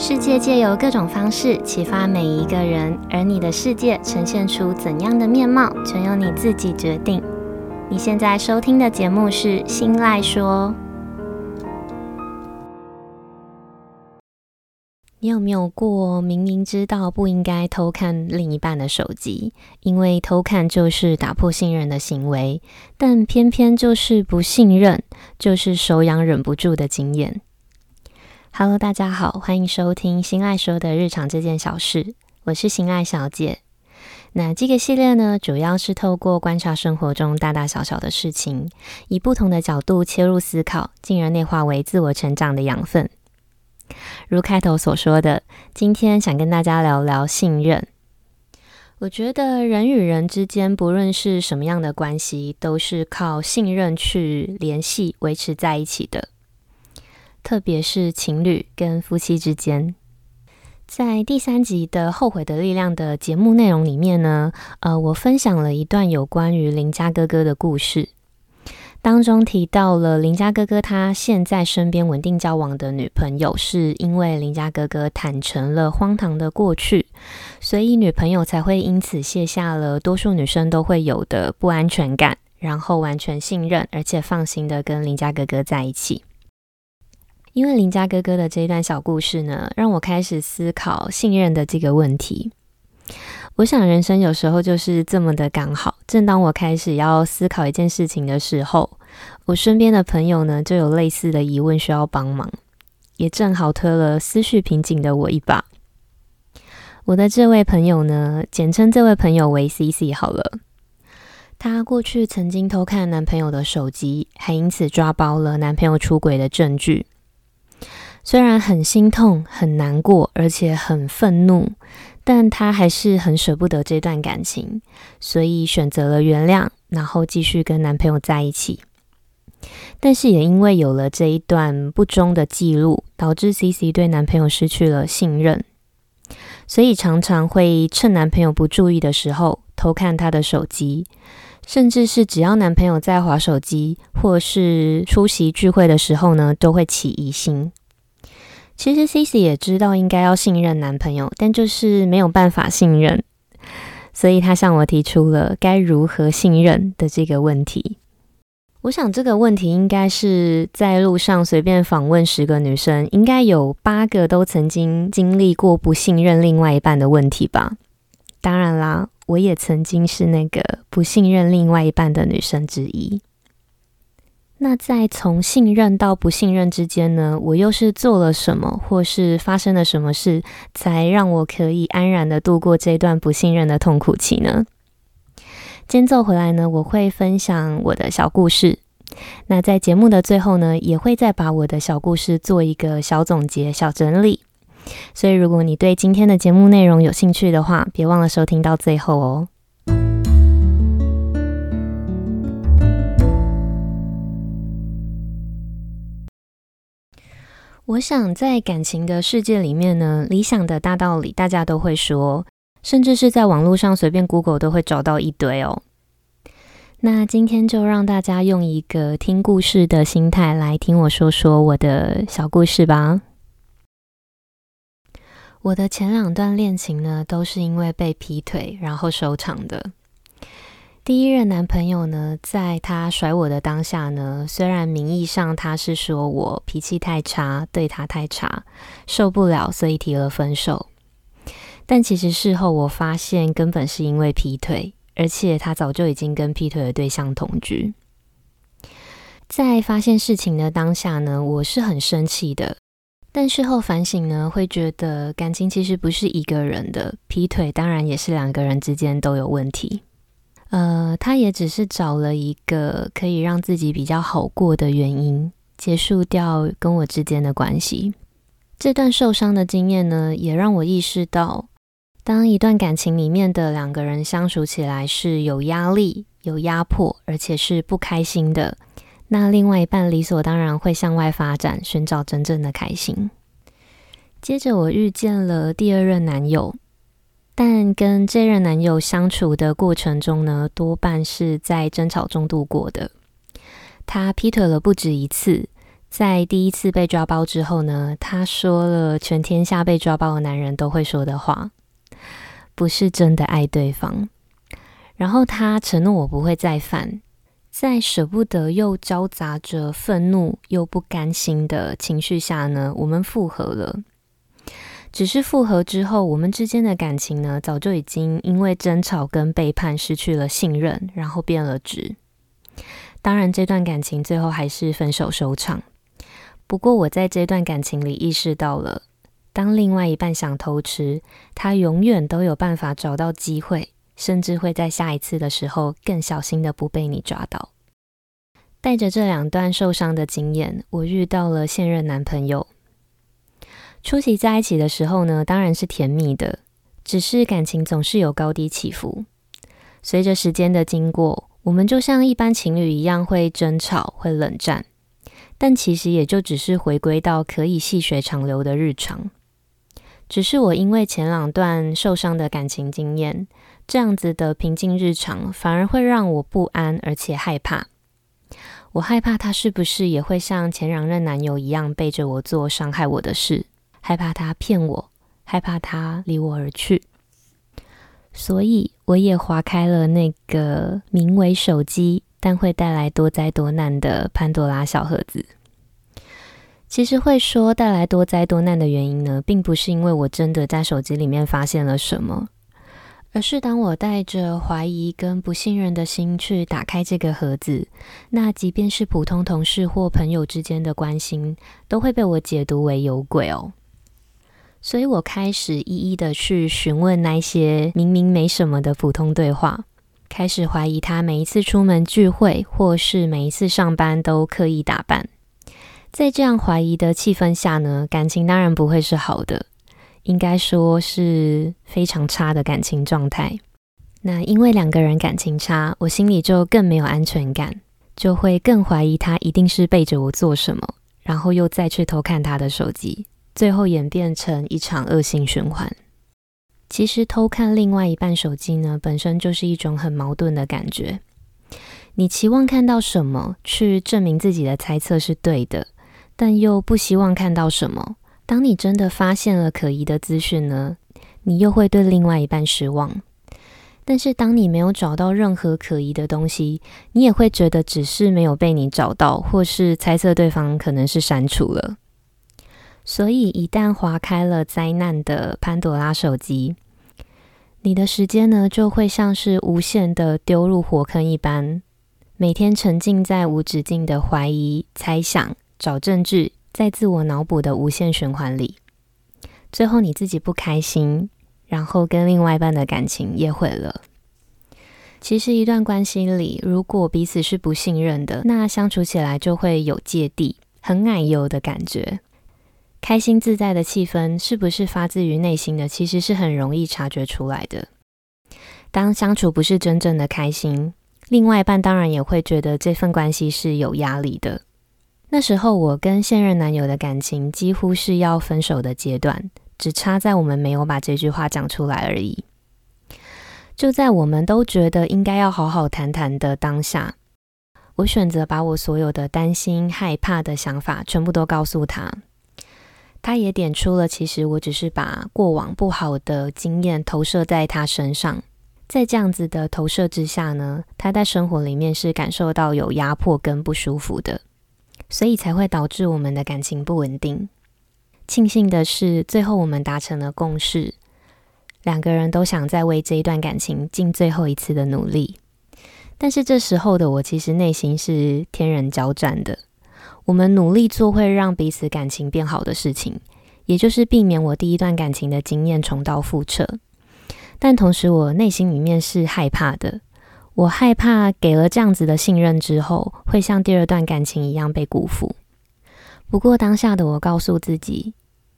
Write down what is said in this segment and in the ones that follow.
世界借由各種方式啟發每一個人，而你的世界呈現出怎樣的面貌，全由你自己決定。你現在收聽的節目是《心賴說》。你有沒有過明明知道不應該偷看另一半的手機，因為偷看就是打破信任的行為，但偏偏就是不信任，就是手癢忍不住的經驗？Hello，大家好，歡迎收聽心賴說的日常這件小事，我是心賴小姐。那這個系列呢，主要是透過觀察生活中大大小小的事情，以不同的角度切入思考，進而內化為自我成長的養分。如開頭所說的，今天想跟大家聊聊信任。我覺得人與人之間，不論是什麼樣的關係，都是靠信任去聯繫、維持在一起的。特別是情侶跟夫妻之間，在第三集的《後悔的力量》的節目內容裡面呢，呃，我分享了一段有關於鄰家哥哥的故事，當中提到了鄰家哥哥他現在身邊穩定交往的女朋友，是因為鄰家哥哥坦承了荒唐的過去，所以女朋友才會因此卸下了多數女生都會有的不安全感，然後完全信任而且放心的跟鄰家哥哥在一起。因為鄰家哥哥的這一段小故事呢，讓我開始思考信任的這個問題。我想，人生有時候就是這麼的剛好。正當我開始要思考一件事情的時候，我身邊的朋友呢就有類似的疑問需要幫忙，也正好推了思緒瓶頸的我一把。我的這位朋友呢，簡稱這位朋友為 CC 好了。她過去曾經偷看男朋友的手機，還因此抓包了男朋友出軌的證據。雖然很心痛，很難過，而且很憤怒，但她還是很捨不得這段感情，所以選擇了原諒，然後繼續跟男朋友在一起。但是也因為有了這一段不忠的記錄，導致 CC 對男朋友失去了信任，所以常常會趁男朋友不注意的時候偷看他的手機，甚至是只要男朋友在滑手機或是出席聚會的時候呢，都會起疑心。其實 Cici 也知道應該要信任男朋友，但就是沒有辦法信任，所以她向我提出了該如何信任的這個問題。我想這個問題應該是在路上隨便訪問十個女生，應該有八個都曾經經歷過不信任另外一半的問題吧。當然啦，我也曾經是那個不信任另外一半的女生之一。那在從信任到不信任之間呢，我又是做了什麼，或是發生了什麼事，才讓我可以安然的度過這段不信任的痛苦期呢？間奏回來呢，我會分享我的小故事。那在節目的最後呢，也會再把我的小故事做一個小總結、小整理。所以，如果你對今天的節目內容有興趣的話，別忘了收聽到最後哦。我想在感情的世界裡面呢，理想的大道理大家都會說，甚至是在網絡上隨便 Google 都會找到一堆哦。那今天就讓大家用一個聽故事的心態來聽我說說我的小故事吧。我的前兩段戀情呢，都是因為被劈腿，然後收場的。第一任男朋友呢，在他甩我的當下呢，雖然名義上他是說我脾氣太差，對他太差，受不了，所以提了分手。但其實事後我發現，根本是因為劈腿，而且他早就已經跟劈腿的對象同居。在發現事情的當下呢，我是很生氣的，但事後反省呢，會覺得感情其實不是一個人的，劈腿當然也是兩個人之間都有問題。呃，他也只是找了一個可以讓自己比較好過的原因，結束掉跟我之間的關係。這段受傷的經驗呢，也讓我意識到，當一段感情裡面的兩個人相處起來是有壓力、有壓迫，而且是不開心的，那另外一半理所當然會向外發展，尋找真正的開心。接着我遇見了第二任男友。但跟這任男友相處的過程中呢，多半是在爭吵中度過的。他劈腿了不止一次，在第一次被抓包之後呢，他說了全天下被抓包的男人都會說的話：“不是真的愛對方。”然後他承諾我不會再犯。在捨不得又夾雜着憤怒又不甘心的情緒下呢，我們復合了。只是復合之後，我們之間的感情呢，早就已經因為爭吵跟背叛失去了信任，然後變了質。當然，這段感情最後還是分手收場。不過，我在這段感情裡意識到了，當另外一半想偷吃，他永遠都有辦法找到機會，甚至會在下一次的時候更小心的不被你抓到。帶着這兩段受傷的經驗，我遇到了現任男朋友。初期在一起的時候呢，當然是甜蜜的。只是感情總是有高低起伏。隨着時間的經過，我們就像一般情侶一樣，會爭吵，會冷戰。但其實也就只是回歸到可以細水長流的日常。只是我因為前兩段受傷的感情經驗，這樣子的平靜日常反而會讓我不安，而且害怕。我害怕他是不是也會像前兩任男友一樣，背着我做傷害我的事。害怕他騙我，害怕他離我而去，所以我也劃開了那個名為手機但會帶來多災多難的潘多拉小盒子。其實會說帶來多災多難的原因呢，並不是因為我真的在手機裡面發現了什麼，而是當我帶着懷疑跟不信任的心去打開這個盒子，那即便是普通同事或朋友之間的關心，都會被我解讀為有鬼哦。所以我開始一一的去詢問那些明明沒什麼的普通對話，開始懷疑他每一次出門聚會或是每一次上班都刻意打扮。在這樣懷疑的氣氛下呢，感情當然不會是好的，應該說是非常差的感情狀態。那因為兩個人感情差，我心裡就更沒有安全感，就會更懷疑他一定是背着我做什麼，然後又再去偷看他的手機。最後演變成一場惡性循環。其實偷看另外一半手機呢，本身就是一種很矛盾的感覺。你期望看到什麼，去證明自己的猜測是對的，但又不希望看到什麼。當你真的發現了可疑的資訊呢，你又會對另外一半失望。但是當你沒有找到任何可疑的東西，你也會覺得只是沒有被你找到，或是猜測對方可能是刪除了。所以，一旦劃開了災難的潘朵拉手機，你的時間呢，就會像是無限的丟入火坑一般，每天沉浸在無止境的懷疑、猜想、找證據，在自我腦補的無限循環裡，最後你自己不開心，然後跟另外一半的感情也毀了。其實，一段關係裡，如果彼此是不信任的，那相處起來就會有芥蒂，很奶油的感覺。開心自在的氣氛是不是發自於內心的，其實是很容易察覺出來的。當相處不是真正的開心，另外一半當然也會覺得這份關係是有壓力的。那時候，我跟現任男友的感情幾乎是要分手的階段，只差在我們沒有把這句話講出來而已。就在我們都覺得應該要好好談談的當下，我選擇把我所有的擔心、害怕的想法全部都告訴他。他也點出了，其實我只是把過往不好的經驗投射在他身上，在這樣子的投射之下呢，他在生活裡面是感受到有壓迫跟不舒服的，所以才會導致我們的感情不穩定。慶幸的是，最後我們達成了共識，兩個人都想再為這一段感情盡最後一次的努力，但是這時候的我其實內心是天人交戰的。我們努力做會讓彼此感情變好的事情，也就是避免我第一段感情的經驗重蹈覆轍。但同時，我內心裡面是害怕的，我害怕給了這樣子的信任之後，會像第二段感情一樣被辜負。不過，當下的我告訴自己，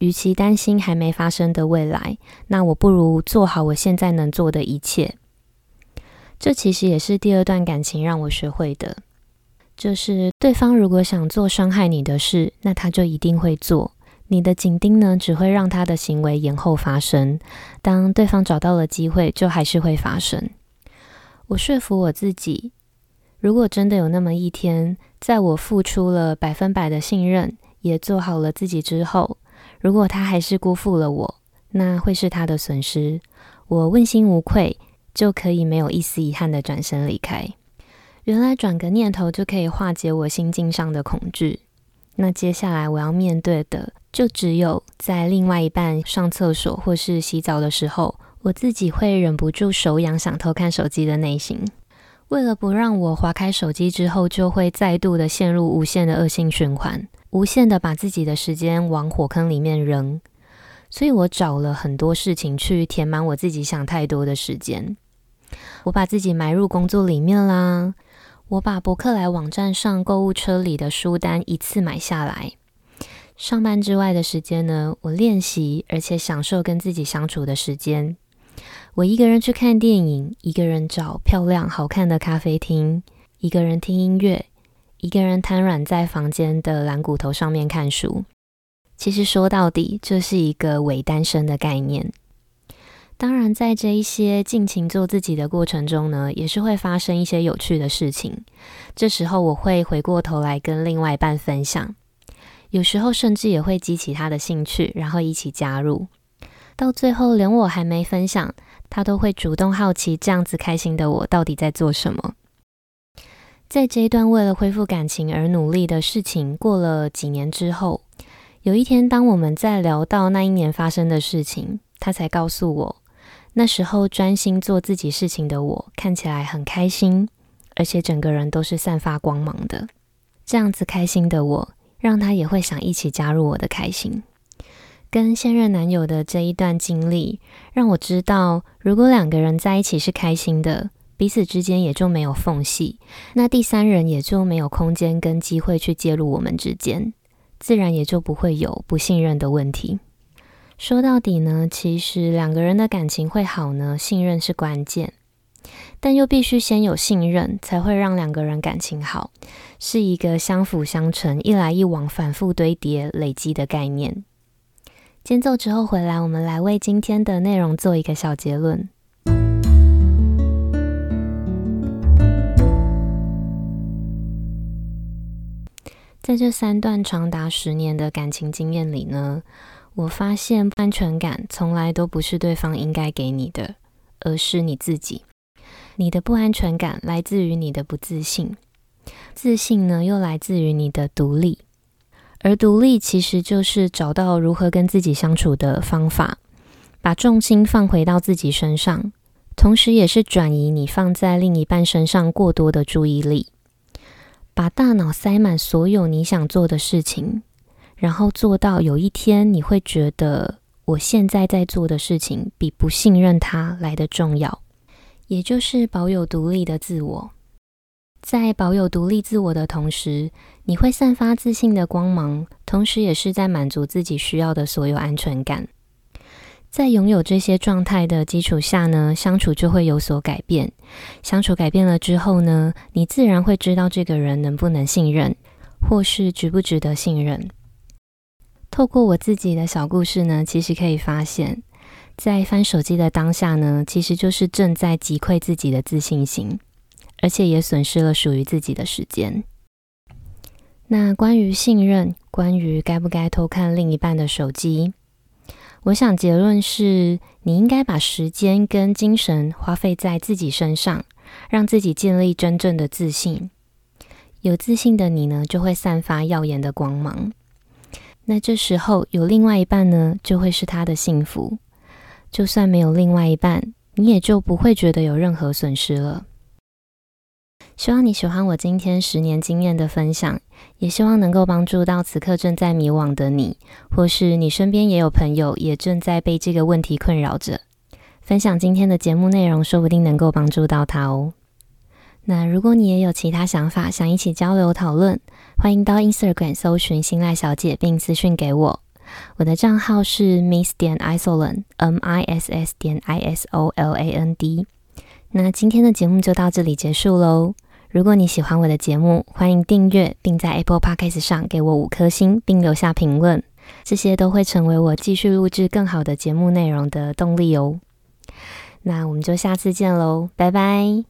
與其擔心還沒發生的未來，那我不如做好我現在能做的一切。這其實也是第二段感情讓我學會的。就是對方如果想做傷害你的事，那他就一定會做。你的緊盯呢，只會讓他的行為延後發生。當對方找到了機會，就還是會發生。我說服我自己，如果真的有那麼一天，在我付出了百分百的信任，也做好了自己之後，如果他還是辜負了我，那會是他的損失。我問心無愧，就可以沒有一絲遺憾地轉身離開。原來轉個念頭就可以化解我心境上的恐懼。那接下來我要面對的，就只有在另外一半上廁所或是洗澡的時候，我自己會忍不住手癢想偷看手機的內心。為了不讓我滑開手機之後，就會再度的陷入無限的惡性循環，無限的把自己的時間往火坑裡面扔。所以我找了很多事情去填滿我自己想太多的時間。我把自己埋入工作裡面啦。我把博客來網站上購物車裡的書單一次買下來。上班之外的時間呢，我練習，而且享受跟自己相處的時間。我一個人去看電影，一個人找漂亮好看的咖啡廳，一個人聽音樂，一個人癱軟在房間的懶骨頭上面看書。其實說到底，這是一個偽單身的概念。當然，在這一些盡情做自己的過程中呢，也是會發生一些有趣的事情。這時候我會回過頭來跟另外一半分享，有時候甚至也會激起他的興趣，然後一起加入。到最後，連我還沒分享，他都會主動好奇，這樣子開心的我到底在做什麼。在這一段為了恢復感情而努力的事情過了幾年之後，有一天，當我們在聊到那一年發生的事情，他才告訴我，那時候專心做自己事情的我，看起來很開心，而且整個人都是散發光芒的。這樣子開心的我，讓他也會想一起加入我的開心。跟現任男友的這一段經歷，讓我知道，如果兩個人在一起是開心的，彼此之間也就沒有縫隙，那第三人也就沒有空間跟機會去介入我們之間，自然也就不會有不信任的問題。說到底呢，其實兩個人的感情會好呢，信任是關鍵，但又必須先有信任，才會讓兩個人感情好，是一個相輔相成、一來一往、反覆堆疊、累積的概念。間奏之後回來，我們來為今天的內容做一個小結論。在這三段長達十年的感情經驗裡呢。我發現安全感從來都不是對方應該給你的，而是你自己。你的不安全感來自於你的不自信，自信呢又來自於你的獨立。而獨立其實就是找到如何跟自己相處的方法，把重心放回到自己身上，同時也是轉移你放在另一半身上過多的注意力，把大腦塞滿所有你想做的事情。然後做到有一天，你會覺得我現在在做的事情比不信任他來得重要，也就是保有獨立的自我。在保有獨立自我的同時，你會散發自信的光芒，同時也是在滿足自己需要的所有安全感。在擁有這些狀態的基礎下呢，相處就會有所改變。相處改變了之後呢，你自然會知道這個人能不能信任，或是值不值得信任。透過我自己的小故事呢，其實可以發現，在翻手機的當下呢，其實就是正在擊潰自己的自信心，而且也損失了屬於自己的時間。那關於信任，關於該不該偷看另一半的手機，我想結論是，你應該把時間跟精神花費在自己身上，讓自己建立真正的自信。有自信的你呢，就會散發耀眼的光芒。那這時候有另外一半呢，就會是他的幸福。就算沒有另外一半，你也就不會覺得有任何損失了。希望你喜歡我今天十年經驗的分享，也希望能夠幫助到此刻正在迷惘的你，或是你身邊也有朋友也正在被這個問題困擾着。分享今天的節目內容，說不定能夠幫助到他哦。那如果你也有其他想法，想一起交流討論。歡迎到 Instagram 搜尋“心賴小姐”並私訊給我，我的賬號是 Miss 點 Isoland（M I S S 點 I S O L A N D）。那今天的節目就到這裡結束嘍。如果你喜歡我的節目，歡迎訂閱，並在 Apple Podcast 上給我五顆星，並留下評論，這些都會成為我繼續錄製更好的節目內容的動力哦。那我們就下次見嘍，拜拜。